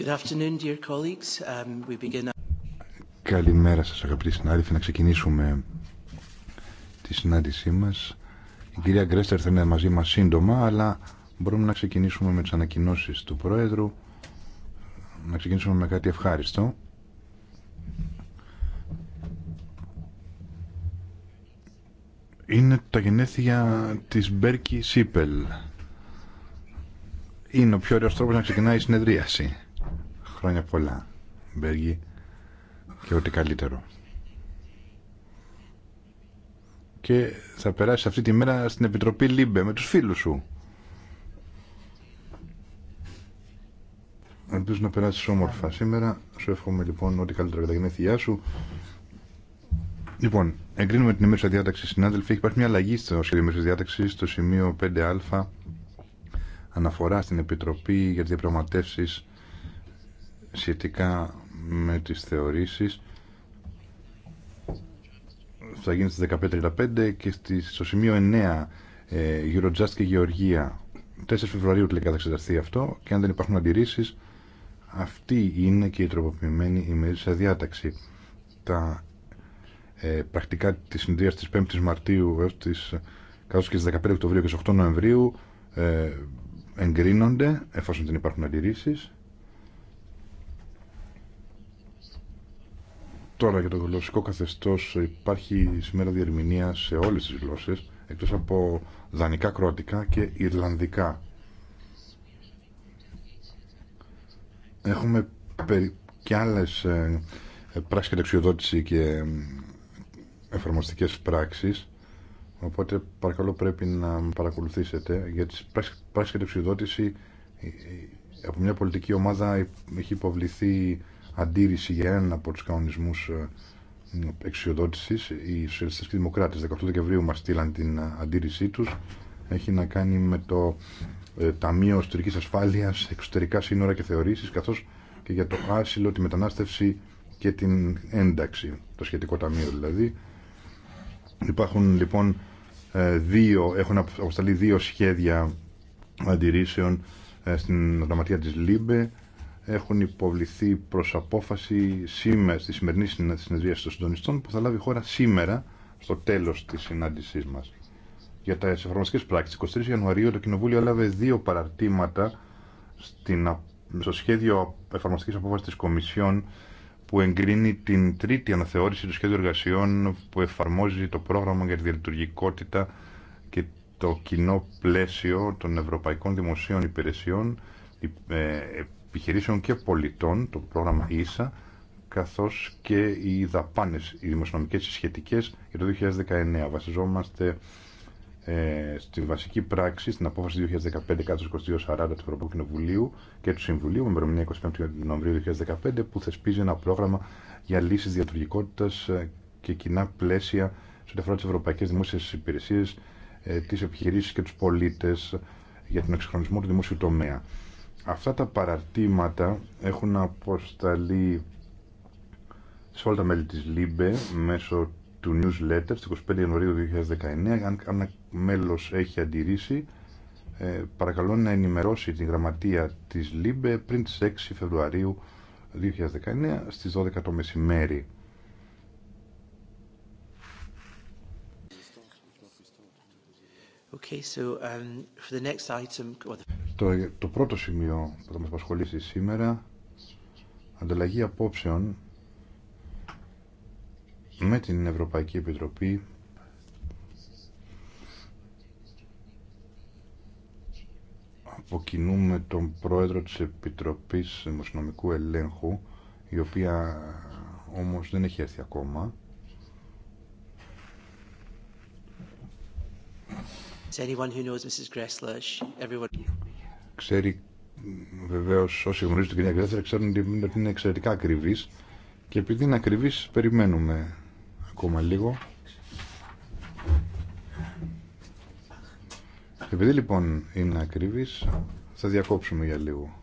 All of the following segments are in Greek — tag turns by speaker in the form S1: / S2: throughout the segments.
S1: Um, Καλημέρα σας αγαπητοί συνάδελφοι. Να ξεκινήσουμε τη συνάντησή μας. Η κυρία Γκρέστερ θα είναι μαζί μας σύντομα, αλλά μπορούμε να ξεκινήσουμε με τις ανακοινώσεις του Πρόεδρου. Να ξεκινήσουμε με κάτι ευχάριστο. Είναι τα γενέθλια της Μπέρκη Σίπελ. Είναι ο πιο ωραίος τρόπος να ξεκινάει η συνεδρίαση. Χρόνια πολλά, Μπέργη, και ό,τι καλύτερο. Και θα περάσεις αυτή τη μέρα στην Επιτροπή Λίμπε με τους φίλους σου. Ελπίζω να περάσει όμορφα σήμερα. Σου εύχομαι λοιπόν ό,τι καλύτερο για τα γενέθλιά σου. Λοιπόν, εγκρίνουμε την ημέρα διάταξη, συνάδελφοι. Υπάρχει μια αλλαγή στο σχέδιο ημέρα διάταξη, στο σημείο 5α, αναφορά στην Επιτροπή για τις διαπραγματεύσει σχετικά με τις θεωρήσεις θα γίνει στις 15.35 και στο σημείο 9 ε, Eurojust και Γεωργία 4 Φεβρουαρίου τελικά θα εξεταστεί αυτό και αν δεν υπάρχουν αντιρρήσεις αυτή είναι και η τροποποιημένη ημερήσια διάταξη τα ε, πρακτικά της συνδρίας της 5ης Μαρτίου έως τις, καθώς και στις 15 Οκτωβρίου και στις 8 Νοεμβρίου ε, εγκρίνονται εφόσον δεν υπάρχουν αντιρρήσεις Τώρα για το γλωσσικό καθεστώς υπάρχει σήμερα διερμηνία σε όλες τις γλώσσες εκτός από δανικά, κροατικά και ιρλανδικά. Έχουμε και άλλες ε, πράξεις δεξιόδότηση και ε, εφαρμοστικές πράξεις οπότε παρακαλώ πρέπει να παρακολουθήσετε για τις πράξεις ε, από μια πολιτική ομάδα έχει υποβληθεί αντίρρηση για έναν από τους κανονισμούς ε, εξιοδότησης. Οι Σοσιαλιστές και Δημοκράτες 18 Δεκεμβρίου μας στείλαν την ε, αντίρρησή τους. Έχει να κάνει με το ε, Ταμείο Εσωτερικής Ασφάλειας, Εξωτερικά Σύνορα και Θεωρήσεις, καθώς και για το άσυλο, τη μετανάστευση και την ένταξη, το σχετικό ταμείο δηλαδή. Υπάρχουν λοιπόν δύο, έχουν αποσταλεί δύο σχέδια αντιρρήσεων στην γραμματεία της ΛΥΜΠΕ έχουν υποβληθεί προς απόφαση σήμερα, στη σημερινή συνεδρία των συντονιστών που θα λάβει η χώρα σήμερα στο τέλος της συνάντησής μας. Για τα εφαρμοστικέ πράξεις, 23 Ιανουαρίου το Κοινοβούλιο έλαβε δύο παραρτήματα στην, στο σχέδιο εφαρμοστικής απόφασης της Κομισιόν που εγκρίνει την τρίτη αναθεώρηση του σχέδιου εργασιών που εφαρμόζει το πρόγραμμα για τη διαλειτουργικότητα και το κοινό πλαίσιο των Ευρωπαϊκών Δημοσίων Υπηρεσιών ε, επιχειρήσεων και πολιτών, το πρόγραμμα ΙΣΑ, καθώς και οι δαπάνες, οι δημοσιονομικές σχετικές για το 2019. Βασιζόμαστε ε, στη βασική πράξη, στην απόφαση 2015-2240 του Ευρωπαϊκού Κοινοβουλίου και του Συμβουλίου, με ημερομηνία 25 Νοεμβρίου 2015, που θεσπίζει ένα πρόγραμμα για λύσεις διατουργικότητας ε, και κοινά πλαίσια σε ό,τι αφορά τι ευρωπαϊκέ δημόσιε υπηρεσίε, ε, τι επιχειρήσει και του πολίτε ε, για τον εξυγχρονισμό του δημόσιου τομέα. Αυτά τα παραρτήματα έχουν αποσταλεί σε όλα τα μέλη της ΛΥΜΠΕ μέσω του newsletter στις 25 Ιανουαρίου 2019. Αν ένα μέλος έχει αντιρρήσει, ε, παρακαλώ να ενημερώσει την γραμματεία της ΛΥΜΠΕ πριν τις 6 Φεβρουαρίου 2019 στις 12 το μεσημέρι. Okay, so, um, for the next item... Το, το πρώτο σημείο που θα μας απασχολήσει σήμερα, ανταλλαγή απόψεων με την Ευρωπαϊκή Επιτροπή αποκινούμε τον πρόεδρο της Επιτροπής Δημοσιονομικού Ελέγχου η οποία όμως δεν έχει έρθει ακόμα ξέρει βεβαίω όσοι γνωρίζουν την κυρία Γκρέτσερ ξέρουν ότι είναι εξαιρετικά ακριβή και επειδή είναι ακριβή, περιμένουμε ακόμα λίγο. Επειδή λοιπόν είναι ακριβή, θα διακόψουμε για λίγο.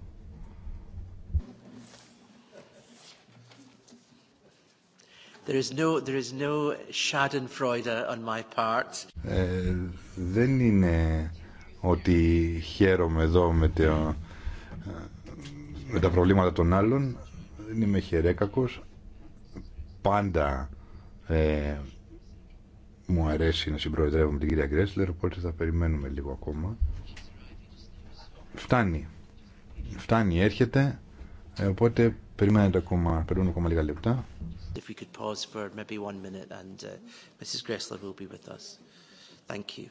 S1: There is no, there is no on my Ε, δεν είναι ότι χαίρομαι εδώ ε, με, τα, προβλήματα των άλλων. Δεν είμαι χερέκακος. Πάντα ε, μου αρέσει να συμπροεδρεύω με την κυρία Γκρέσλερ, οπότε θα περιμένουμε λίγο ακόμα. Φτάνει. Φτάνει, έρχεται. Ε, οπότε περιμένετε ακόμα, περιμένουμε ακόμα λίγα λεπτά. pause for maybe one minute and uh, Mrs. will be with us. Thank you.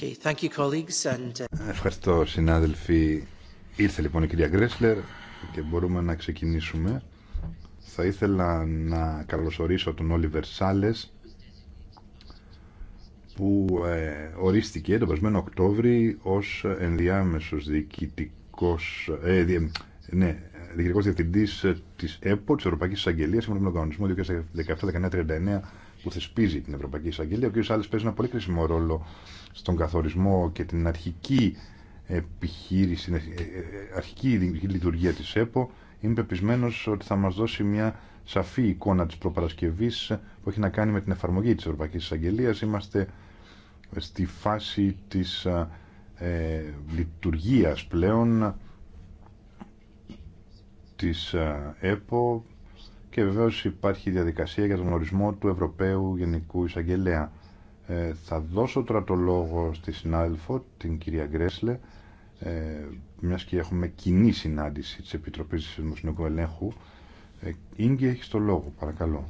S1: Okay, thank you, colleagues, and... Uh, Ευχαριστώ συνάδελφοι. Ήρθε λοιπόν η κυρία Γκρέσλερ και μπορούμε να ξεκινήσουμε. Θα ήθελα να καλωσορίσω τον Όλιβερ Σάλες που ε, ορίστηκε τον περασμένο Οκτώβρη ως ενδιάμεσος διοικητικός, ε, διε, ναι, διοικητικός διευθυντής της ΕΠΟ, της Ευρωπαϊκής Αγγελία, σύμφωνα με τον κανονισμό 2017-1939 που θεσπίζει την Ευρωπαϊκή Εισαγγελία. Ο κ. Άλλη παίζει ένα πολύ κρίσιμο ρόλο στον καθορισμό και την αρχική επιχείρηση, ε, ε, ε, αρχική λειτουργία της ΕΠΟ. Είμαι πεπισμένο ότι θα μας δώσει μια σαφή εικόνα της προπαρασκευή που έχει να κάνει με την εφαρμογή της Ευρωπαϊκή Εισαγγελία. Είμαστε στη φάση της ε, λειτουργίας πλέον της ΕΠΟ και βεβαίως υπάρχει διαδικασία για τον ορισμό του Ευρωπαίου Γενικού Εισαγγελέα. Ε, θα δώσω τώρα το λόγο στη συνάδελφο, την κυρία Γκρέσλε, ε, μιας και έχουμε κοινή συνάντηση της Επιτροπής Δημοσιονομικού Ελέγχου. Ε, έχει το
S2: λόγο, παρακαλώ.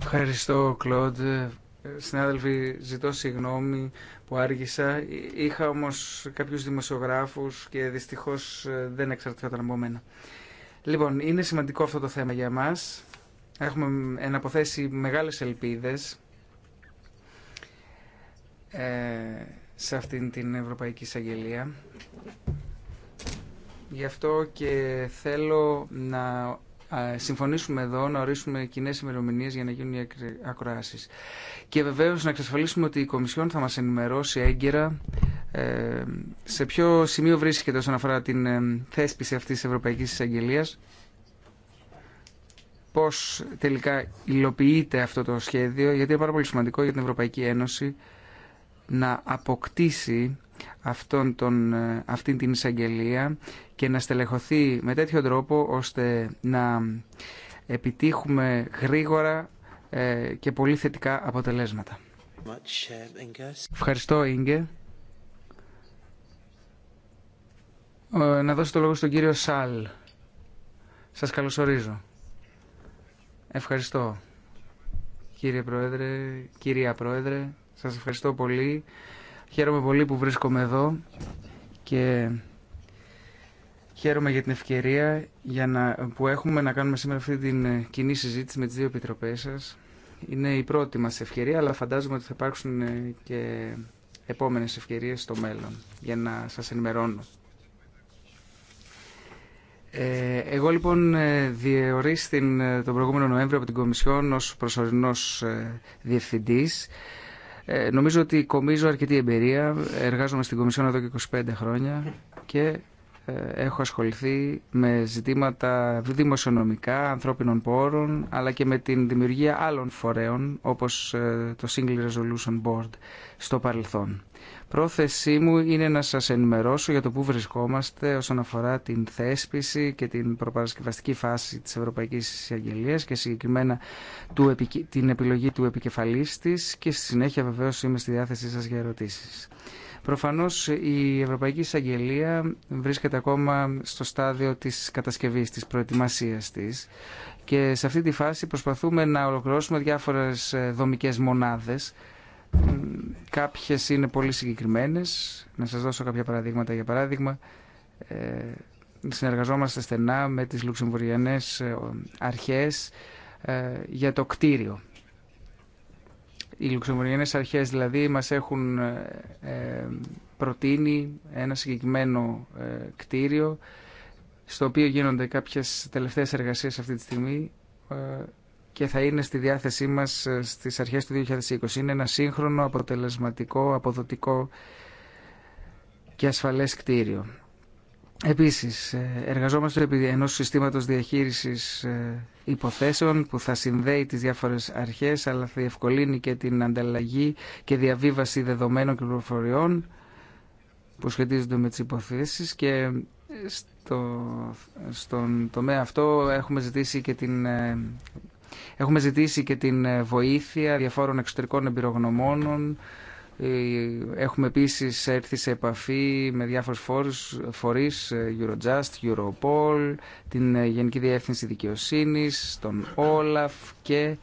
S2: Ευχαριστώ, Κλοντ. Ε, συνάδελφοι, ζητώ συγγνώμη που άργησα. Είχα όμως κάποιους δημοσιογράφους και δυστυχώς ε, δεν εξαρτηθόταν από μένα. Λοιπόν, είναι σημαντικό αυτό το θέμα για μας. Έχουμε εναποθέσει μεγάλες ελπίδες ε, σε αυτήν την Ευρωπαϊκή Εισαγγελία. Γι' αυτό και θέλω να συμφωνήσουμε εδώ, να ορίσουμε κοινέ ημερομηνίε για να γίνουν οι ακροάσει. Και βεβαίω να εξασφαλίσουμε ότι η Κομισιόν θα μα ενημερώσει έγκαιρα ε, σε ποιο σημείο βρίσκεται όσον αφορά την ε, θέσπιση αυτή τη Ευρωπαϊκή Εισαγγελία πώς τελικά υλοποιείται αυτό το σχέδιο, γιατί είναι πάρα πολύ σημαντικό για την Ευρωπαϊκή Ένωση να αποκτήσει αυτόν τον, ε, αυτήν την εισαγγελία και να στελεχωθεί με τέτοιο τρόπο ώστε να επιτύχουμε γρήγορα ε, και πολύ θετικά αποτελέσματα. Ευχαριστώ, Ίγκε. Ε, να δώσω το λόγο στον κύριο Σαλ. Σας καλωσορίζω. Ευχαριστώ. Κύριε Πρόεδρε, κυρία Πρόεδρε, σας ευχαριστώ πολύ. Χαίρομαι πολύ που βρίσκομαι εδώ και χαίρομαι για την ευκαιρία για να, που έχουμε να κάνουμε σήμερα αυτή την ε, κοινή συζήτηση με τις δύο επιτροπές σας. Είναι η πρώτη μας ευκαιρία, αλλά φαντάζομαι ότι θα υπάρξουν ε, και επόμενες ευκαιρίες στο μέλλον για να σας ενημερώνω. Ε, εγώ λοιπόν διορίστην τον προηγούμενο Νοέμβριο από την Κομισιόν ως προσωρινός διευθυντής ε, νομίζω ότι κομίζω αρκετή εμπειρία. Εργάζομαι στην Κομισιόν εδώ και 25 χρόνια και ε, έχω ασχοληθεί με ζητήματα δημοσιονομικά, ανθρώπινων πόρων, αλλά και με την δημιουργία άλλων φορέων, όπως ε, το Single Resolution Board, στο παρελθόν. Πρόθεσή μου είναι να σας ενημερώσω για το πού βρισκόμαστε όσον αφορά την θέσπιση και την προπαρασκευαστική φάση της Ευρωπαϊκής Εισαγγελίας και συγκεκριμένα του, την επιλογή του επικεφαλής της και στη συνέχεια βεβαίως είμαι στη διάθεσή σας για ερωτήσεις. Προφανώς η Ευρωπαϊκή Εισαγγελία βρίσκεται ακόμα στο στάδιο της κατασκευής, της προετοιμασίας της και σε αυτή τη φάση προσπαθούμε να ολοκληρώσουμε διάφορες ε, δομικές μονάδες. Κάποιες είναι πολύ συγκεκριμένες, να σας δώσω κάποια παραδείγματα. Για παράδειγμα, ε, συνεργαζόμαστε στενά με τις λουξεμβουριανές ε, αρχές για το κτίριο οι λουξεμβουργιανές αρχές δηλαδή μας έχουν ε, προτείνει ένα συγκεκριμένο ε, κτίριο στο οποίο γίνονται κάποιες τελευταίες εργασίες αυτή τη στιγμή ε, και θα είναι στη διάθεσή μας στις αρχές του 2020. Είναι ένα σύγχρονο, αποτελεσματικό, αποδοτικό και ασφαλές κτίριο. Επίσης, ε, εργαζόμαστε επί ενός συστήματος διαχείρισης ε, υποθέσεων που θα συνδέει τις διάφορες αρχές αλλά θα ευκολύνει και την ανταλλαγή και διαβίβαση δεδομένων και πληροφοριών που σχετίζονται με τις υποθέσεις και ε, στο, στον τομέα αυτό έχουμε ζητήσει και την... Έχουμε ζητήσει και την βοήθεια διαφόρων εξωτερικών εμπειρογνωμόνων ε, έχουμε επίση έρθει σε επαφή με διάφορου φορεί, ε, Eurojust, Europol, την ε, Γενική Διεύθυνση δικαιοσύνη, τον Όλαφ και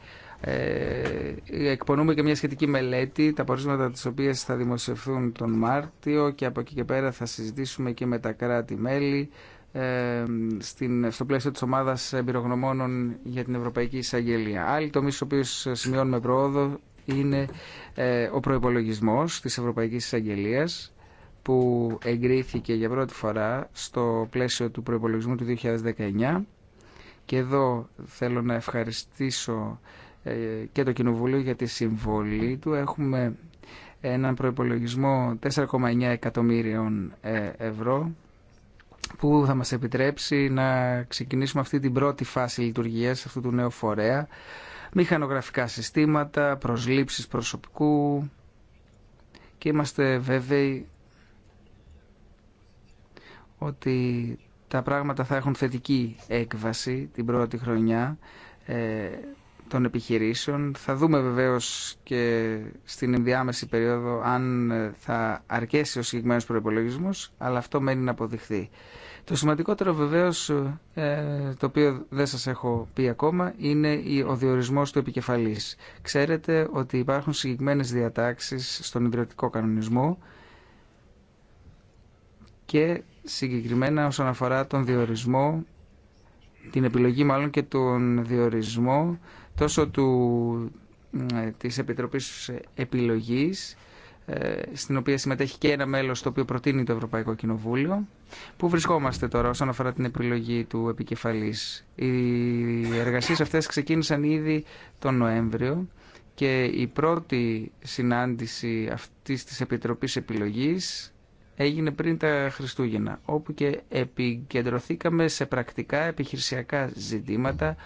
S2: εκπονούμε και μια σχετική μελέτη, τα πορίσματα της οποίας θα δημοσιευθούν τον Μάρτιο και από εκεί και πέρα θα συζητήσουμε και με τα κράτη-μέλη στο πλαίσιο της ομάδας εμπειρογνωμόνων για την Ευρωπαϊκή Εισαγγελία. Άλλοι τομείς στους οποίους σημειώνουμε πρόοδο είναι ε, ο προϋπολογισμός της Ευρωπαϊκής Εισαγγελίας που εγκρίθηκε για πρώτη φορά στο πλαίσιο του προϋπολογισμού του 2019 και εδώ θέλω να ευχαριστήσω ε, και το Κοινοβούλιο για τη συμβολή του. Έχουμε έναν προϋπολογισμό 4,9 εκατομμύριων ε, ευρώ που θα μας επιτρέψει να ξεκινήσουμε αυτή την πρώτη φάση λειτουργίας αυτού του νέου φορέα μηχανογραφικά συστήματα, προσλήψεις προσωπικού και είμαστε βέβαιοι ότι τα πράγματα θα έχουν θετική έκβαση την πρώτη χρονιά ε, των επιχειρήσεων. Θα δούμε βεβαίως και στην ενδιάμεση περίοδο αν θα αρκέσει ο συγκεκριμένος προπολογισμό, αλλά αυτό μένει να αποδειχθεί. Το σημαντικότερο βεβαίως, ε, το οποίο δεν σας έχω πει ακόμα, είναι ο διορισμός του επικεφαλής. Ξέρετε ότι υπάρχουν συγκεκριμένες διατάξεις στον ιδρυτικό κανονισμό και συγκεκριμένα όσον αφορά τον διορισμό, την επιλογή μάλλον και τον διορισμό τόσο του, ε, της Επιτροπής Επιλογής ε, στην οποία συμμετέχει και ένα μέλος το οποίο προτείνει το Ευρωπαϊκό Κοινοβούλιο. Πού βρισκόμαστε τώρα όσον αφορά την επιλογή του επικεφαλής. Οι εργασίες αυτές ξεκίνησαν ήδη τον Νοέμβριο και η πρώτη συνάντηση αυτής της Επιτροπής Επιλογής έγινε πριν τα Χριστούγεννα, όπου και επικεντρωθήκαμε σε πρακτικά επιχειρησιακά ζητήματα,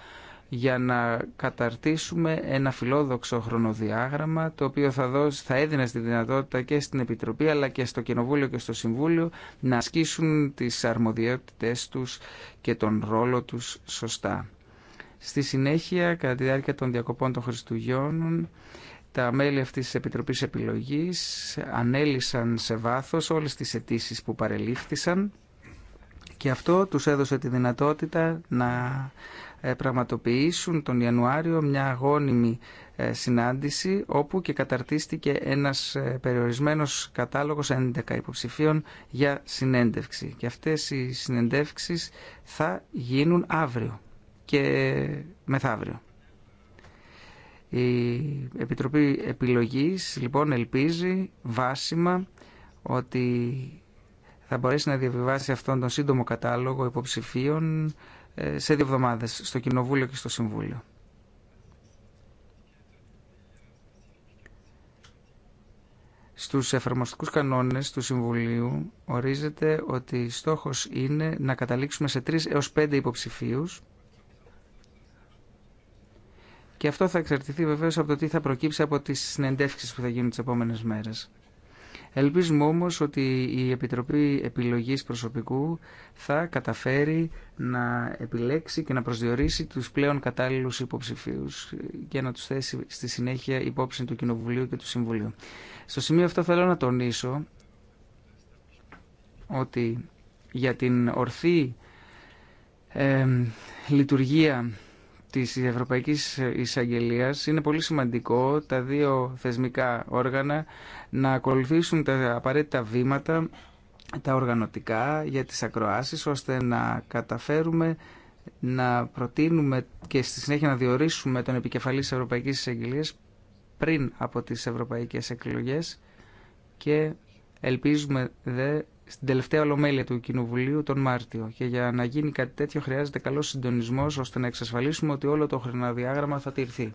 S2: για να καταρτήσουμε ένα φιλόδοξο χρονοδιάγραμμα το οποίο θα, δώσει, θα έδινε στη δυνατότητα και στην Επιτροπή αλλά και στο Κοινοβούλιο και στο Συμβούλιο να ασκήσουν τις αρμοδιότητες τους και τον ρόλο τους σωστά. Στη συνέχεια, κατά τη διάρκεια των διακοπών των Χριστουγέννων, τα μέλη αυτής της Επιτροπής Επιλογής ανέλησαν σε βάθος όλες τις αιτήσει που παρελήφθησαν και αυτό τους έδωσε τη δυνατότητα να ε, πραγματοποιήσουν τον Ιανουάριο μια αγώνιμη ε, συνάντηση όπου και καταρτίστηκε ένας ε, περιορισμένος κατάλογος 11 υποψηφίων για συνέντευξη. Και αυτές οι συνεντεύξεις θα γίνουν αύριο και μεθαύριο. Η Επιτροπή Επιλογής λοιπόν ελπίζει βάσιμα ότι θα μπορέσει να διαβιβάσει αυτόν τον σύντομο κατάλογο υποψηφίων ε, σε δύο εβδομάδες στο Κοινοβούλιο και στο Συμβούλιο. Στους εφαρμοστικούς κανόνες του Συμβουλίου ορίζεται ότι στόχος είναι να καταλήξουμε σε τρεις έως πέντε υποψηφίους και αυτό θα εξαρτηθεί βεβαίως από το τι θα προκύψει από τις συνεντεύξεις που θα γίνουν τις επόμενες μέρες. Ελπίζουμε όμως ότι η Επιτροπή Επιλογής Προσωπικού θα καταφέρει να επιλέξει και να προσδιορίσει τους πλέον κατάλληλους υποψηφίους και να τους θέσει στη συνέχεια υπόψη του Κοινοβουλίου και του Συμβουλίου. Στο σημείο αυτό θέλω να τονίσω ότι για την ορθή λειτουργία της Ευρωπαϊκής εισαγγελία είναι πολύ σημαντικό τα δύο θεσμικά όργανα να ακολουθήσουν τα απαραίτητα βήματα, τα οργανωτικά για τις ακροάσεις, ώστε να καταφέρουμε να προτείνουμε και στη συνέχεια να διορίσουμε τον επικεφαλής της Ευρωπαϊκής εισαγγελία πριν από τις ευρωπαϊκές εκλογές και ελπίζουμε δε στην τελευταία ολομέλεια του Κοινοβουλίου τον Μάρτιο. Και για να γίνει κάτι τέτοιο χρειάζεται καλός συντονισμός ώστε να εξασφαλίσουμε ότι όλο το χρονοδιάγραμμα θα τηρηθεί.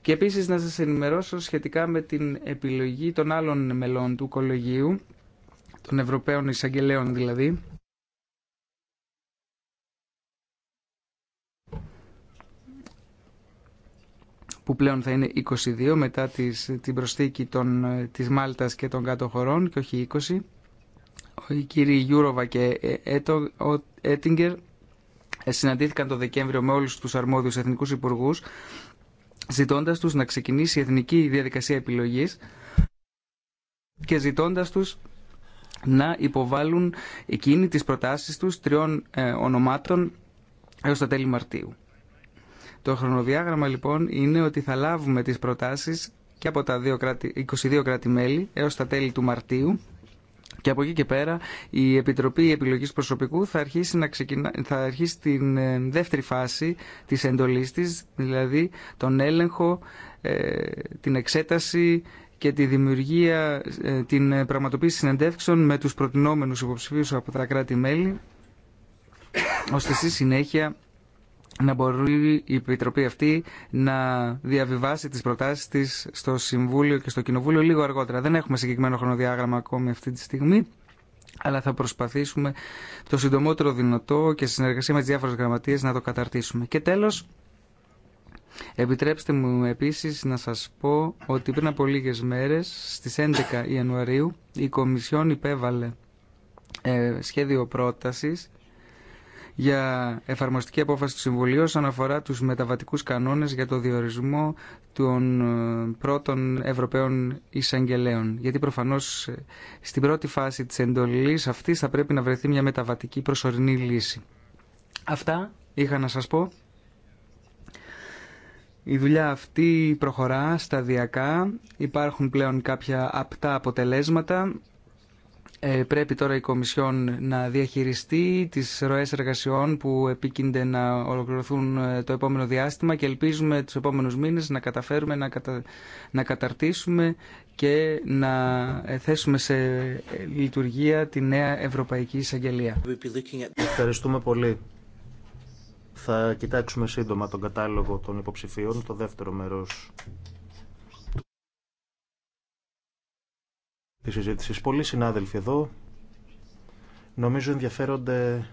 S2: Και επίσης να σας ενημερώσω σχετικά με την επιλογή των άλλων μελών του κολογίου, των Ευρωπαίων Εισαγγελέων δηλαδή, που πλέον θα είναι 22 μετά τις, την προσθήκη των, ε, της Μάλτας και των κάτω χωρών και όχι 20. Οι κύριοι Γιούροβα και ε, Έτιγκερ ε, συναντήθηκαν το Δεκέμβριο με όλους τους αρμόδιους εθνικούς υπουργούς ζητώντας τους να ξεκινήσει η εθνική διαδικασία επιλογής και ζητώντας τους να υποβάλουν εκείνη τις προτάσεις τους τριών ονομάτων έως τα τέλη Μαρτίου. Το χρονοδιάγραμμα λοιπόν είναι ότι θα λάβουμε τις προτάσεις και από τα 22 κράτη-μέλη έως τα τέλη του Μαρτίου και από εκεί και πέρα η Επιτροπή Επιλογής Προσωπικού θα αρχίσει, να ξεκινά, θα αρχίσει την ε, δεύτερη φάση της εντολής της, δηλαδή τον έλεγχο, ε, την εξέταση και τη δημιουργία, ε, την πραγματοποίηση συνεντεύξεων με τους προτινόμενους υποψηφίους από τα κράτη-μέλη, ώστε στη συνέχεια να μπορεί η Επιτροπή αυτή να διαβιβάσει τις προτάσεις της στο Συμβούλιο και στο Κοινοβούλιο λίγο αργότερα. Δεν έχουμε συγκεκριμένο χρονοδιάγραμμα ακόμη αυτή τη στιγμή, αλλά θα προσπαθήσουμε το συντομότερο δυνατό και σε συνεργασία με τις διάφορες γραμματείες να το καταρτήσουμε. Και τέλος, επιτρέψτε μου επίσης να σας πω ότι πριν από λίγες μέρες, στις 11 Ιανουαρίου, η Κομισιόν υπέβαλε ε, σχέδιο πρότασης για εφαρμοστική απόφαση του Συμβουλίου όσον αφορά τους μεταβατικούς κανόνες για το διορισμό των ε, πρώτων Ευρωπαίων εισαγγελέων. Γιατί προφανώς ε, στην πρώτη φάση της εντολής αυτής θα πρέπει να βρεθεί μια μεταβατική προσωρινή λύση. Αυτά είχα να σας πω. Η δουλειά αυτή προχωρά σταδιακά, υπάρχουν πλέον κάποια απτά αποτελέσματα ε, πρέπει τώρα η Κομισιόν να διαχειριστεί τις ροές εργασιών που επίκυνται να ολοκληρωθούν ε, το επόμενο διάστημα και ελπίζουμε τους επόμενους μήνες να καταφέρουμε να, καταρτήσουμε και να ε, θέσουμε σε λειτουργία τη νέα Ευρωπαϊκή Εισαγγελία. Ευχαριστούμε πολύ.
S3: Θα κοιτάξουμε σύντομα τον κατάλογο των υποψηφίων, το δεύτερο μέρος Πολλοί συνάδελφοι εδώ νομίζω ενδιαφέρονται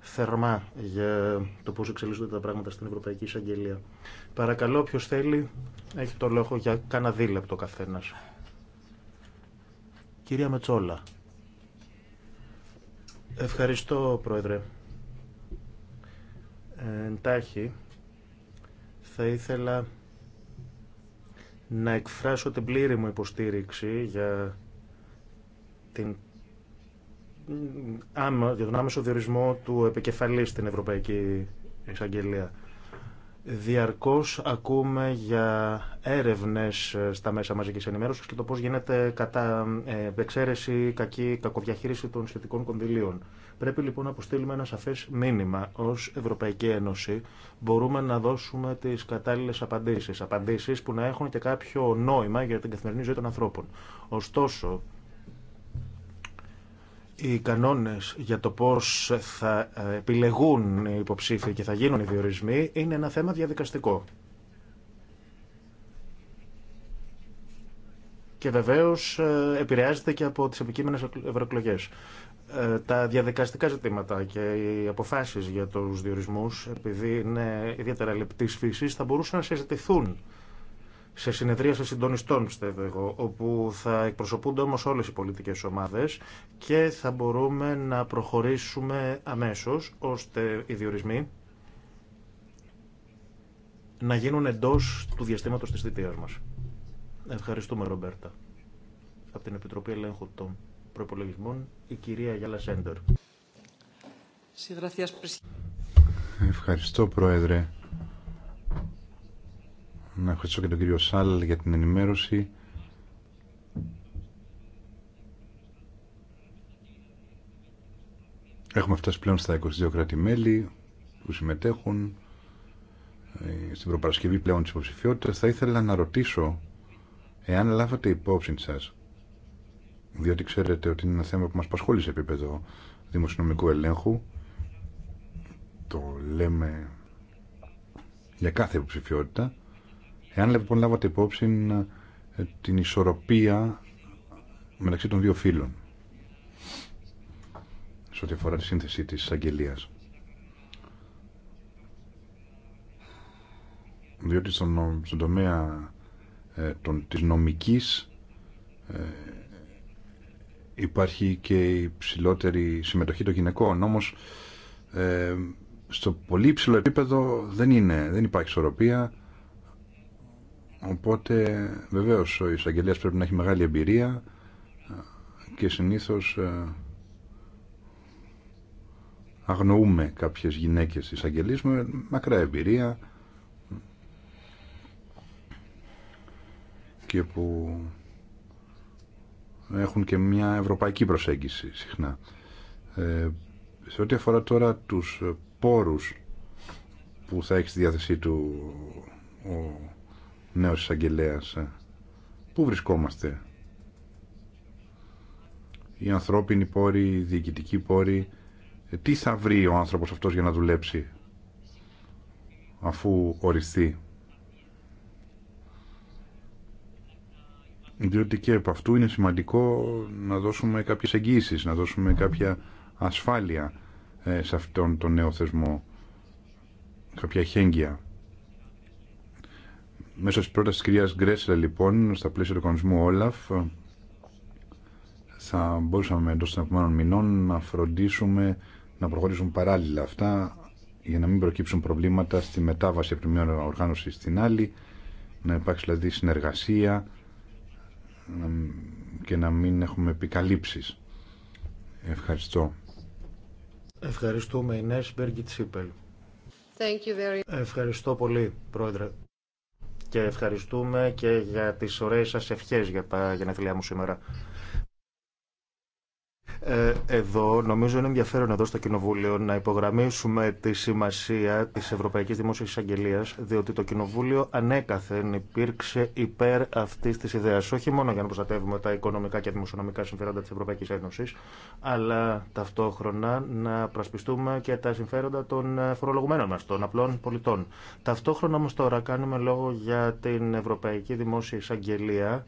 S3: θερμά για το πώς εξελίσσονται τα πράγματα στην Ευρωπαϊκή Εισαγγελία. Παρακαλώ, όποιο θέλει, έχει το λόγο για κάνα δίλεπτο καθένα. Κυρία Μετσόλα. Ευχαριστώ, Πρόεδρε. Ε, εντάχει, θα ήθελα να εκφράσω την πλήρη μου υποστήριξη για την για τον άμεσο διορισμό του επικεφαλής στην Ευρωπαϊκή Εισαγγελία. Διαρκώς ακούμε για έρευνες ε, στα μέσα μαζικής ενημέρωσης και το πώς γίνεται κατά ε, εξαίρεση κακή κακοδιαχείριση των σχετικών κονδυλίων. Πρέπει λοιπόν να αποστείλουμε ένα σαφές μήνυμα. Ως Ευρωπαϊκή Ένωση μπορούμε να δώσουμε τις κατάλληλες απαντήσεις. Απαντήσεις που να έχουν και κάποιο νόημα για την καθημερινή ζωή των ανθρώπων. Ωστόσο, οι κανόνες για το πώς θα ε, επιλεγούν οι υποψήφοι και θα γίνουν οι διορισμοί είναι ένα θέμα διαδικαστικό. Και βεβαίως ε, επηρεάζεται και από τις επικείμενες ευρωεκλογέ. Ε, τα διαδικαστικά ζητήματα και οι αποφάσεις για τους διορισμούς, επειδή είναι ιδιαίτερα λεπτής φύσης, θα μπορούσαν να συζητηθούν σε συνεδρία σε συντονιστών πιστεύω εγώ, όπου θα εκπροσωπούνται όμως όλες οι πολιτικές ομάδες και θα μπορούμε να προχωρήσουμε αμέσως ώστε οι διορισμοί να γίνουν εντός του διαστήματος της θητείας μας. Ευχαριστούμε Ρομπέρτα. Από την Επιτροπή Ελέγχου των Προπολογισμών, η κυρία Γιάλα Σέντερ.
S1: Ευχαριστώ Πρόεδρε. Να ευχαριστώ και τον κύριο Σάλ για την ενημέρωση. Έχουμε φτάσει πλέον στα 22 κράτη-μέλη που συμμετέχουν ε, στην προπαρασκευή πλέον της υποψηφιότητα. Θα ήθελα να ρωτήσω εάν λάβατε υπόψη σας διότι ξέρετε ότι είναι ένα θέμα που μας πασχόλει σε επίπεδο δημοσιονομικού ελέγχου το λέμε για κάθε υποψηφιότητα Εάν λοιπόν λάβατε υπόψη ε, την ισορροπία μεταξύ των δύο φύλων σε ό,τι αφορά τη σύνθεση της αγγελίας. Διότι στον, στον τομέα ε, των, της νομικής ε, υπάρχει και η ψηλότερη συμμετοχή των γυναικών. Όμως ε, στο πολύ υψηλό επίπεδο δεν, είναι, δεν υπάρχει ισορροπία Οπότε βεβαίως ο εισαγγελέας πρέπει να έχει μεγάλη εμπειρία και συνήθως ε, αγνοούμε κάποιες γυναίκες εισαγγελείς με μακρά εμπειρία και που έχουν και μια ευρωπαϊκή προσέγγιση συχνά. Ε, σε ό,τι αφορά τώρα τους πόρους που θα έχει στη διάθεσή του ο νέος εισαγγελέα. Ε. Πού βρισκόμαστε. Οι ανθρώπινοι πόροι, οι διοικητικοί πόροι, ε, τι θα βρει ο άνθρωπος αυτός για να δουλέψει αφού οριστεί. Διότι και από αυτού είναι σημαντικό να δώσουμε κάποιες εγγύησεις, να δώσουμε κάποια ασφάλεια ε, σε αυτόν τον νέο θεσμό, κάποια χέγγια. Μέσω της πρότασης της κυρίας Γκρέσλε λοιπόν, στα πλαίσια του οικονομισμού Όλαφ, θα μπορούσαμε εντός των επόμενων μηνών να φροντίσουμε να προχωρήσουν παράλληλα αυτά για να μην προκύψουν προβλήματα στη μετάβαση από τη μία οργάνωση στην άλλη, να υπάρξει δηλαδή συνεργασία και να μην έχουμε επικαλύψεις. Ευχαριστώ.
S3: Ευχαριστούμε, Ινές Μπέργκη Τσίπελ. Ευχαριστώ πολύ, Πρόεδρε και ευχαριστούμε και για τις ωραίες σας ευχές για τα γενεθλιά μου σήμερα. Ε, εδώ νομίζω είναι ενδιαφέρον εδώ στο Κοινοβούλιο να υπογραμμίσουμε τη σημασία της Ευρωπαϊκής Δημόσιας Εισαγγελίας διότι το Κοινοβούλιο ανέκαθεν υπήρξε υπέρ αυτής της ιδέας όχι μόνο για να προστατεύουμε τα οικονομικά και δημοσιονομικά συμφέροντα της Ευρωπαϊκής Ένωση, αλλά ταυτόχρονα να πρασπιστούμε και τα συμφέροντα των φορολογουμένων μας, των απλών πολιτών. Ταυτόχρονα όμως τώρα κάνουμε λόγο για την Ευρωπαϊκή Δημόσια Εισαγγελία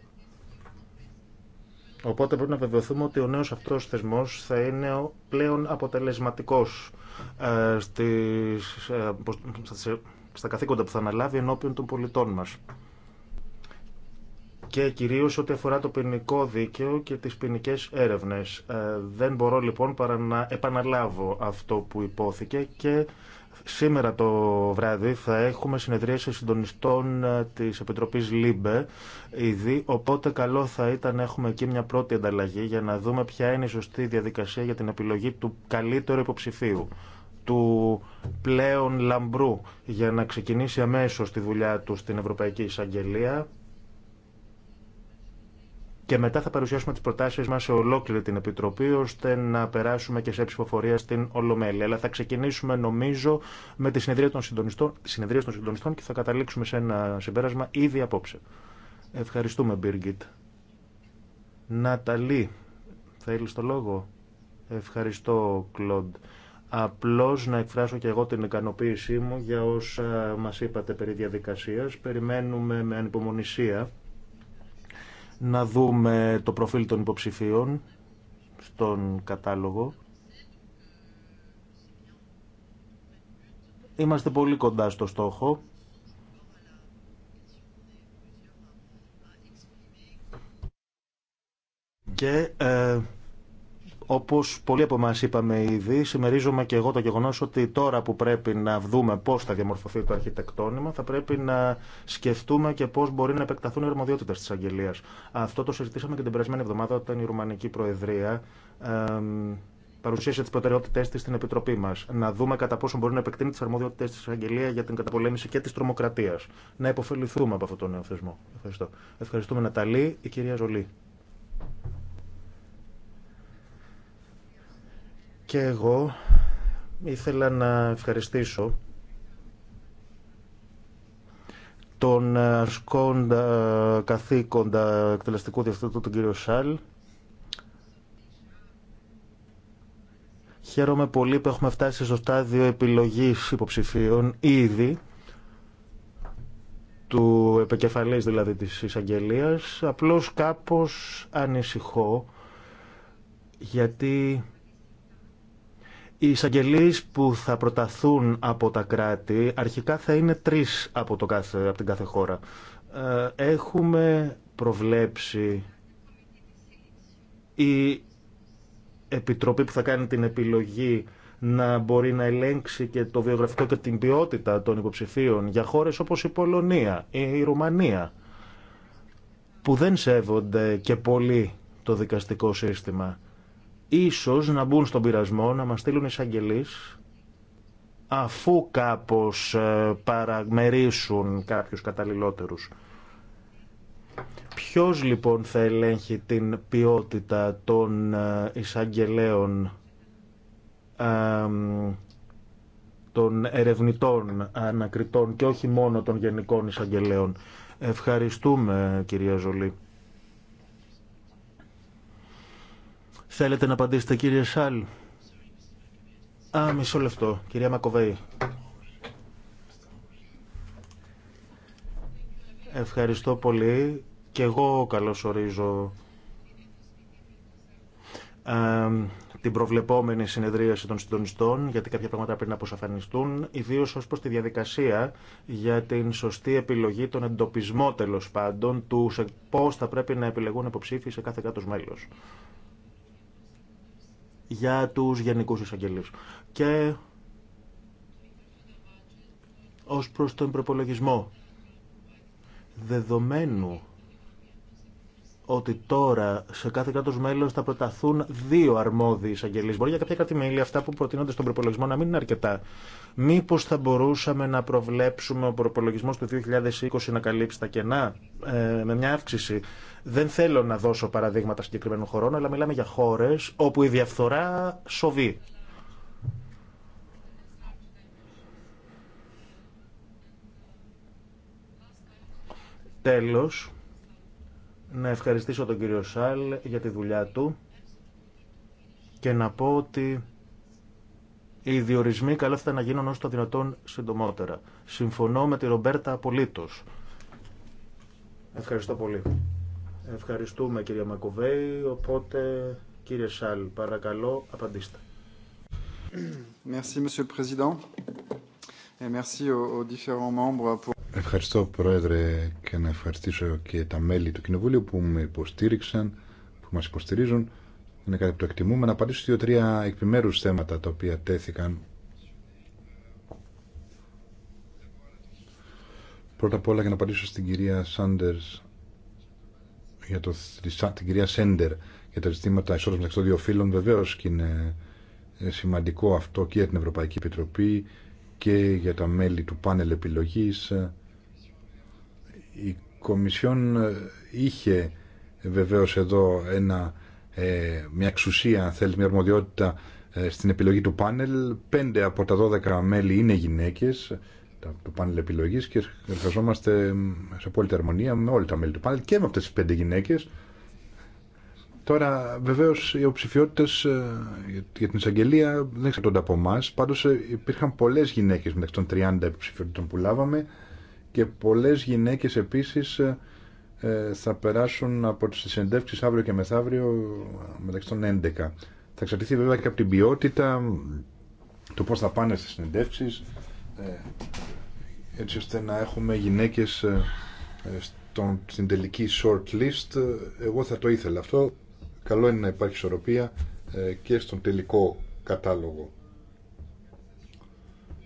S3: Οπότε πρέπει να βεβαιωθούμε ότι ο νέος αυτός θεσμός θα είναι πλέον αποτελεσματικός ε, ε, στα καθήκοντα που θα αναλάβει ενώπιον των πολιτών μας. Και κυρίως ό,τι αφορά το ποινικό δίκαιο και τις ποινικέ έρευνες. Ε, δεν μπορώ λοιπόν παρά να επαναλάβω αυτό που υπόθηκε και Σήμερα το βράδυ θα έχουμε συνεδρίαση συντονιστών ε, της Επιτροπής ΛΥΜΠΕ, ήδη, οπότε καλό θα ήταν να έχουμε εκεί μια πρώτη ανταλλαγή για να δούμε ποια είναι η σωστή διαδικασία για την επιλογή του καλύτερου υποψηφίου του πλέον λαμπρού για να ξεκινήσει αμέσως τη δουλειά του στην Ευρωπαϊκή Εισαγγελία και μετά θα παρουσιάσουμε τι προτάσει μα σε ολόκληρη την Επιτροπή, ώστε να περάσουμε και σε ψηφοφορία στην Ολομέλεια. Αλλά θα ξεκινήσουμε, νομίζω, με τη συνεδρία των συντονιστών, συνεδρία των και θα καταλήξουμε σε ένα συμπέρασμα ήδη απόψε. Ευχαριστούμε, Μπίργκιτ. Ναταλή, θέλει το λόγο. Ευχαριστώ, Κλοντ. Απλώς να εκφράσω και εγώ την ικανοποίησή μου για όσα μας είπατε περί διαδικασίας. Περιμένουμε με ανυπομονησία να δούμε το προφίλ των υποψηφίων στον κατάλογο. Είμαστε πολύ κοντά στο στόχο. Και ε, Όπω πολλοί από εμά είπαμε ήδη, συμμερίζομαι και εγώ το γεγονό ότι τώρα που πρέπει να δούμε πώ θα διαμορφωθεί το αρχιτεκτόνημα, θα πρέπει να σκεφτούμε και πώ μπορεί να επεκταθούν οι αρμοδιότητε τη Αγγελία. Αυτό το συζητήσαμε και την περασμένη εβδομάδα όταν η Ρουμανική Προεδρία ε, παρουσίασε τι προτεραιότητέ τη στην Επιτροπή μα. Να δούμε κατά πόσο μπορεί να επεκτείνει τι αρμοδιότητε τη Αγγελία για την καταπολέμηση και τη τρομοκρατία. Να υποφεληθούμε από αυτό τον νέο θεσμό. Ευχαριστώ. Ευχαριστούμε, Ναταλή. Η κυρία Ζολή. και εγώ ήθελα να ευχαριστήσω τον ε, ασκόντα καθήκοντα εκτελεστικού διευθυντού του κύριο Σάλ Χαίρομαι πολύ που έχουμε φτάσει στο στάδιο επιλογής υποψηφίων ήδη του επικεφαλής δηλαδή της εισαγγελίας. Απλώς κάπως ανησυχώ γιατί οι εισαγγελίε που θα προταθούν από τα κράτη αρχικά θα είναι τρεις από, το από την κάθε χώρα. Ε, έχουμε προβλέψει η επιτροπή που θα κάνει την επιλογή να μπορεί να ελέγξει και το βιογραφικό και την ποιότητα των υποψηφίων για χώρες όπως η Πολωνία, η Ρουμανία, που δεν σέβονται και πολύ το δικαστικό σύστημα ίσως να μπουν στον πειρασμό, να μας στείλουν εισαγγελείς αφού κάπως ε, παραμερίσουν κάποιους καταλληλότερους. Ποιος λοιπόν θα ελέγχει την ποιότητα των ε, εισαγγελέων των ερευνητών ανακριτών και όχι μόνο των γενικών εισαγγελέων. Ευχαριστούμε κυρία Ζολή. Θέλετε να απαντήσετε κύριε Σάλ. Α, μισό λεπτό. Κυρία Μακοβέη. Ευχαριστώ πολύ. Και εγώ καλώς ορίζω ε, την προβλεπόμενη συνεδρίαση των συντονιστών, γιατί κάποια πράγματα πρέπει να αποσαφανιστούν, ιδίω ω προ τη διαδικασία για την σωστή επιλογή, τον εντοπισμό τέλο πάντων του πώ θα πρέπει να επιλεγούν υποψήφοι σε κάθε κράτο μέλο για τους γενικούς εισαγγελίους. Και ως προς τον προπολογισμό, δεδομένου ότι τώρα σε κάθε κράτο μέλο θα προταθούν δύο αρμόδιοι εισαγγελεί. Μπορεί για κάποια κρατημέλη αυτά που προτείνονται στον προπολογισμό να μην είναι αρκετά. Μήπω θα μπορούσαμε να προβλέψουμε ο προπολογισμό του 2020 να καλύψει τα κενά ε, με μια αύξηση. Δεν θέλω να δώσω παραδείγματα συγκεκριμένων χωρών, αλλά μιλάμε για χώρε όπου η διαφθορά σοβεί. Τέλος, να ευχαριστήσω τον κύριο Σάλ για τη δουλειά του και να πω ότι οι διορισμοί καλό θα να γίνουν όσο το δυνατόν συντομότερα. Συμφωνώ με τη Ρομπέρτα απολύτω. Ευχαριστώ πολύ. Ευχαριστούμε κύριε Μακοβέη, οπότε κύριε Σάλ, παρακαλώ απαντήστε. Merci, Monsieur le Président, et merci aux,
S1: différents membres Ευχαριστώ Πρόεδρε και να ευχαριστήσω και τα μέλη του Κοινοβουλίου που με υποστήριξαν, που μας υποστηρίζουν. Είναι κάτι που το εκτιμούμε. Να απαντήσω δύο-τρία επιμέρους θέματα τα οποία τέθηκαν. Πρώτα απ' όλα για να απαντήσω στην κυρία Σάντερς, για το, την κυρία Σέντερ για τα ζητήματα ισότητα μεταξύ των δύο φύλων. Βεβαίως και είναι ε, σημαντικό αυτό και για την Ευρωπαϊκή Επιτροπή και για τα μέλη του πάνελ επιλογής η Κομισιόν ε, είχε βεβαίως εδώ ένα, ε, μια εξουσία, αν μια αρμοδιότητα ε, στην επιλογή του πάνελ. Πέντε από τα δώδεκα μέλη είναι γυναίκες του πάνελ επιλογής και εργαζόμαστε σε απόλυτη αρμονία με όλα τα μέλη του πάνελ και με αυτές τις πέντε γυναίκες. Τώρα, βεβαίω, οι υποψηφιότητε για την εισαγγελία δεν εξαρτώνται από εμά. Πάντω, υπήρχαν πολλέ γυναίκε μεταξύ των 30 υποψηφιότητων που λάβαμε και πολλές γυναίκες επίσης ε, ε, θα περάσουν από τις συνεντεύξεις αύριο και μεθαύριο μεταξύ των 11. Θα εξαρτηθεί βέβαια και από την ποιότητα, το πώς θα πάνε στις συνεντεύξεις, ε, έτσι ώστε να έχουμε γυναίκες στον, στην τελική short list. Εγώ θα το ήθελα αυτό. Καλό είναι να υπάρχει ισορροπία και στον τελικό κατάλογο.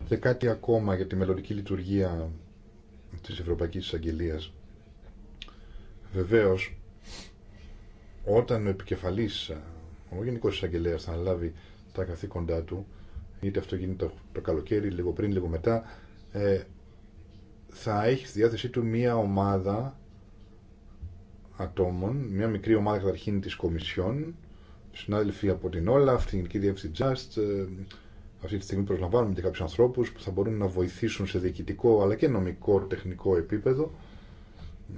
S1: Και κάτι ακόμα για τη μελλοντική λειτουργία της Ευρωπαϊκής Εισαγγελίας. Βεβαίως, όταν ο επικεφαλής, ο Γενικός Εισαγγελέας θα αναλάβει τα καθήκοντά του, είτε αυτό γίνεται το καλοκαίρι, λίγο πριν, λίγο μετά, ε, θα έχει στη διάθεσή του μία ομάδα ατόμων, μία μικρή ομάδα καταρχήν της Κομισιόν, συνάδελφοι από την Όλα, την Γενική Διεύθυνση ε, αυτή τη στιγμή προσλαμβάνουμε και κάποιου ανθρώπου που θα μπορούν να βοηθήσουν σε διοικητικό αλλά και νομικό τεχνικό επίπεδο,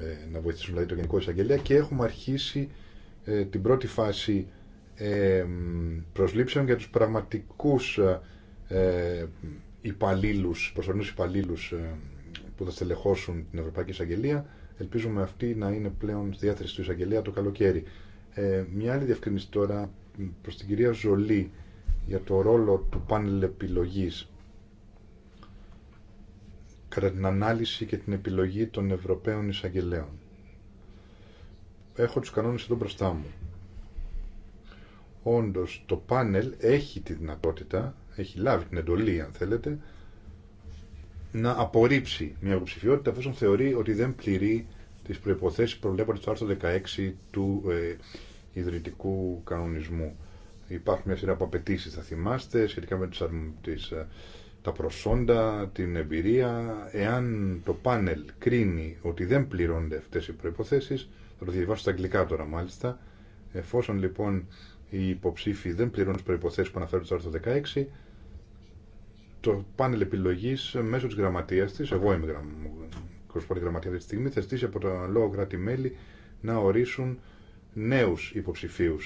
S1: ε, να βοηθήσουν δηλαδή το Γενικό Εισαγγελέα και έχουμε αρχίσει ε, την πρώτη φάση ε, προσλήψεων για τους πραγματικούς υπαλλήλους, υπαλλήλου υπαλλήλους που θα στελεχώσουν την Ευρωπαϊκή Εισαγγελία. Ελπίζουμε αυτή να είναι πλέον στη διάθεση του Εισαγγελέα το καλοκαίρι. μια άλλη διευκρινήση τώρα προ την κυρία Ζολή για το ρόλο του πάνελ επιλογής κατά την ανάλυση και την επιλογή των Ευρωπαίων εισαγγελέων. Έχω τους κανόνες εδώ μπροστά μου. Όντως το πάνελ έχει τη δυνατότητα, έχει λάβει την εντολή αν θέλετε, να απορρίψει μια υποψηφιότητα αφού θεωρεί ότι δεν πληρεί τις προϋποθέσεις προβλέπονται το άρθρο 16 του ε, ιδρυτικού κανονισμού. Υπάρχουν μια σειρά από απαιτήσει, θα θυμάστε, σχετικά με τις, τις, ε, τα προσόντα, την εμπειρία. Εάν το πάνελ κρίνει ότι δεν πληρώνται αυτέ οι προποθέσει, θα το διαβάσω στα αγγλικά τώρα μάλιστα, εφόσον λοιπόν οι υποψήφοι δεν πληρώνουν τι προποθέσει που αναφέρονται στο άρθρο 16, το πάνελ επιλογής μέσω τη, γραμματείας της, εγώ είμαι γραμ, γραμματεία αυτή τη στιγμή, θα στήσει από τα λόγο κράτη-μέλη να ορίσουν νέου υποψηφίου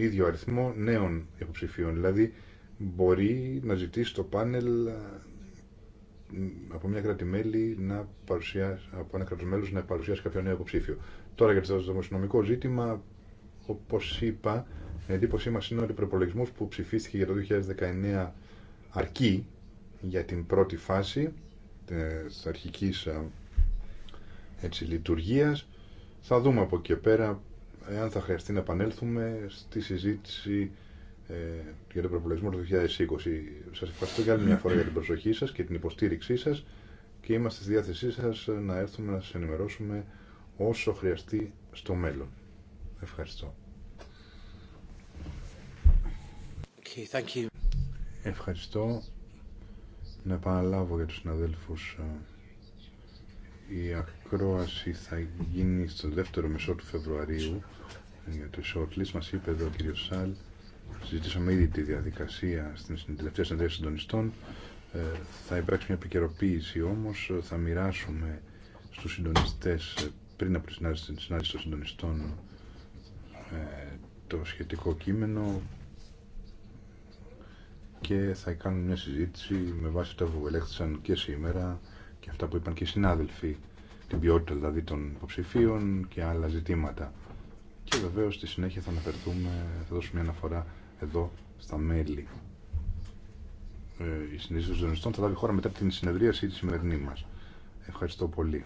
S1: ίδιο αριθμό νέων υποψηφίων. Δηλαδή μπορεί να ζητήσει το πάνελ ε, από μια κρατημέλη να παρουσιάσει, από ένα να παρουσιάσει κάποιο νέο υποψήφιο. Τώρα για το δημοσιονομικό ζήτημα, όπω είπα, η εντύπωσή μα είναι ότι ο προπολογισμό που ψηφίστηκε για το 2019 αρκεί για την πρώτη φάση τη αρχική ε, λειτουργία. Θα δούμε από εκεί πέρα εάν θα χρειαστεί να επανέλθουμε στη συζήτηση ε, για τον προπολογισμό του 2020. Σας ευχαριστώ για άλλη μια φορά για την προσοχή σας και την υποστήριξή σας και είμαστε στη διάθεσή σας να έρθουμε να σας ενημερώσουμε όσο χρειαστεί στο μέλλον. Ευχαριστώ. Okay, thank you. Ευχαριστώ. Να επαναλάβω για τους συναδέλφους ε, η ακρόαση θα γίνει στο δεύτερο μεσό του Φεβρουαρίου για το shortlist. μα είπε εδώ ο κύριος Σάλ, συζητήσαμε ήδη τη διαδικασία στην τελευταία συνεδρία συντονιστών. Ε, θα υπάρξει μια επικαιροποίηση όμως, θα μοιράσουμε στους συντονιστέ πριν από τη συνάντηση των συντονιστών ε, το σχετικό κείμενο και θα κάνουμε μια συζήτηση με βάση τα που ελέγχθησαν και σήμερα και αυτά που είπαν και οι συνάδελφοι, την ποιότητα δηλαδή των υποψηφίων και άλλα ζητήματα. Και βεβαίως στη συνέχεια θα αναφερθούμε, θα δώσουμε μια αναφορά εδώ στα μέλη. Ε, η συνείδηση των ζωνιστών θα λάβει χώρα μετά την συνεδρίαση τη σημερινή μας. Ευχαριστώ πολύ.